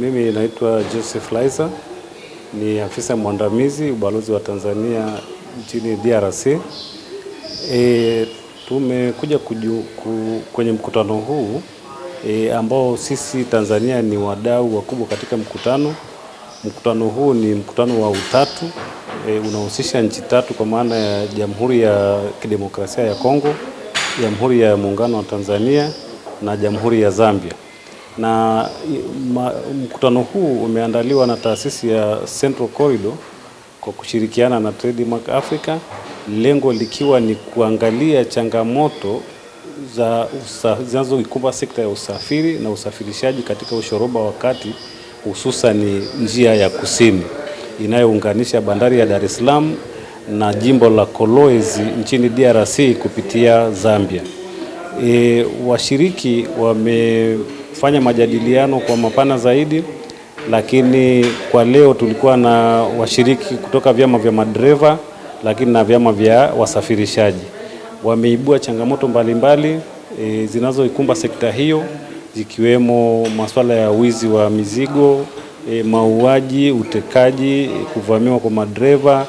Mimi naitwa Joseph Laiser, ni afisa mwandamizi ubalozi wa Tanzania nchini DRC. E, tumekuja kwenye mkutano huu e, ambao sisi Tanzania ni wadau wakubwa katika mkutano. Mkutano huu ni mkutano wa utatu e, unahusisha nchi tatu kwa maana ya Jamhuri ya Kidemokrasia ya Kongo, Jamhuri ya Muungano wa Tanzania na Jamhuri ya Zambia na mkutano huu umeandaliwa na taasisi ya Central Corridor kwa kushirikiana na Trademark Africa, lengo likiwa ni kuangalia changamoto za zinazoikumba sekta ya usafiri na usafirishaji katika ushoroba wa kati, hususan njia ya kusini inayounganisha bandari ya Dar es Salaam na jimbo la Kolwezi nchini DRC kupitia Zambia. E, washiriki wame kufanya majadiliano kwa mapana zaidi, lakini kwa leo tulikuwa na washiriki kutoka vyama vya madereva, lakini na vyama vya wasafirishaji. Wameibua changamoto mbalimbali mbali, e, zinazoikumba sekta hiyo zikiwemo masuala ya wizi wa mizigo e, mauaji, utekaji, e, kuvamiwa kwa madereva,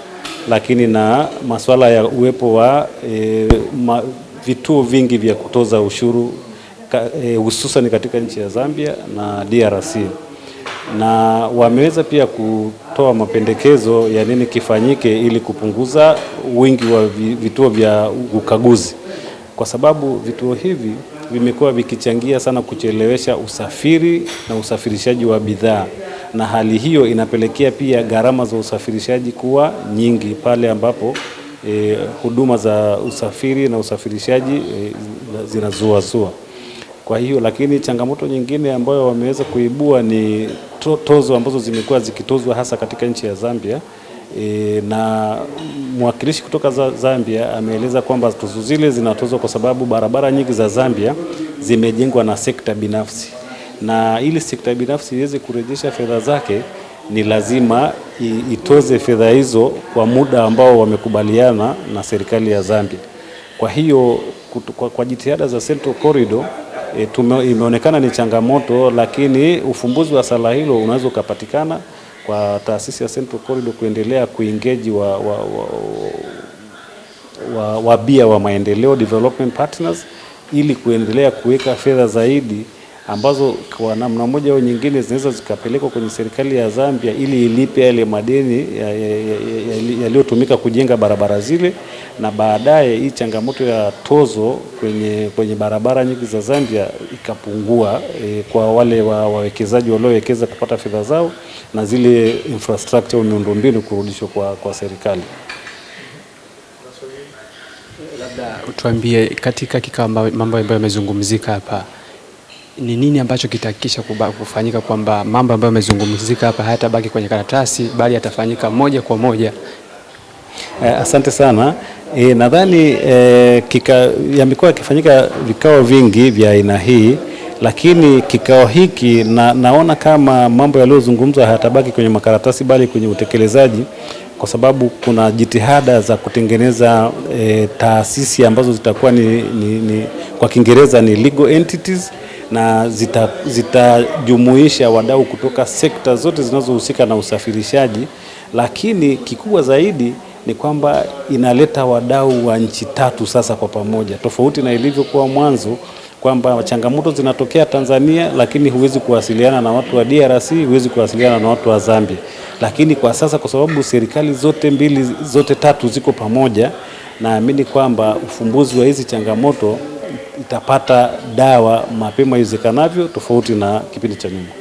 lakini na masuala ya uwepo wa e, ma, vituo vingi vya kutoza ushuru E, hususan e, katika nchi ya Zambia na DRC na wameweza pia kutoa mapendekezo ya nini kifanyike ili kupunguza wingi wa vituo vya ukaguzi, kwa sababu vituo hivi vimekuwa vikichangia sana kuchelewesha usafiri na usafirishaji wa bidhaa, na hali hiyo inapelekea pia gharama za usafirishaji kuwa nyingi pale ambapo e, huduma za usafiri na usafirishaji eh, zinazuazua. Kwa hiyo lakini changamoto nyingine ambayo wameweza kuibua ni to, tozo ambazo zimekuwa zikitozwa hasa katika nchi ya Zambia. E, na mwakilishi kutoka za Zambia ameeleza kwamba tozo zile zinatozwa kwa sababu barabara nyingi za Zambia zimejengwa na sekta binafsi, na ili sekta binafsi iweze kurejesha fedha zake ni lazima itoze fedha hizo kwa muda ambao wamekubaliana na serikali ya Zambia. Kwa hiyo kutu, kwa, kwa jitihada za Central Corridor e, tume, imeonekana ni changamoto, lakini ufumbuzi wa sala hilo unaweza ukapatikana kwa taasisi ya Central Corridor kuendelea kuingeji wa, wa, wa, wa, wa, wabia wa maendeleo development partners ili kuendelea kuweka fedha zaidi ambazo kwa namna moja au nyingine zinaweza zikapelekwa kwenye serikali ya Zambia ili ilipe yale madeni yaliyotumika ya, ya, ya kujenga barabara zile, na baadaye hii changamoto ya tozo kwenye, kwenye barabara nyingi za Zambia ikapungua e, kwa wale wa, wawekezaji waliowekeza kupata fedha zao na zile infrastructure au miundombinu kurudishwa kwa, kwa serikali. Labda utuambie katika kikao mambo ambayo yamezungumzika hapa ni nini ambacho kitahakikisha kufanyika kwamba mambo ambayo yamezungumzika hapa hayatabaki kwenye karatasi bali yatafanyika moja kwa moja? Eh, asante sana. E, nadhani eh, yamekuwa yakifanyika vikao vingi vya aina hii, lakini kikao hiki na, naona kama mambo yaliyozungumzwa hayatabaki kwenye makaratasi bali kwenye utekelezaji kwa sababu kuna jitihada za kutengeneza e, taasisi ambazo zitakuwa ni, ni, ni, kwa Kiingereza ni legal entities na zitajumuisha zita wadau kutoka sekta zote zinazohusika na usafirishaji, lakini kikubwa zaidi ni kwamba inaleta wadau wa nchi tatu sasa kwa pamoja, tofauti na ilivyokuwa mwanzo kwamba changamoto zinatokea Tanzania, lakini huwezi kuwasiliana na watu wa DRC, huwezi kuwasiliana na watu wa Zambia lakini kwa sasa kwa sababu serikali zote mbili zote tatu ziko pamoja, naamini kwamba ufumbuzi wa hizi changamoto itapata dawa mapema iwezekanavyo, tofauti na kipindi cha nyuma.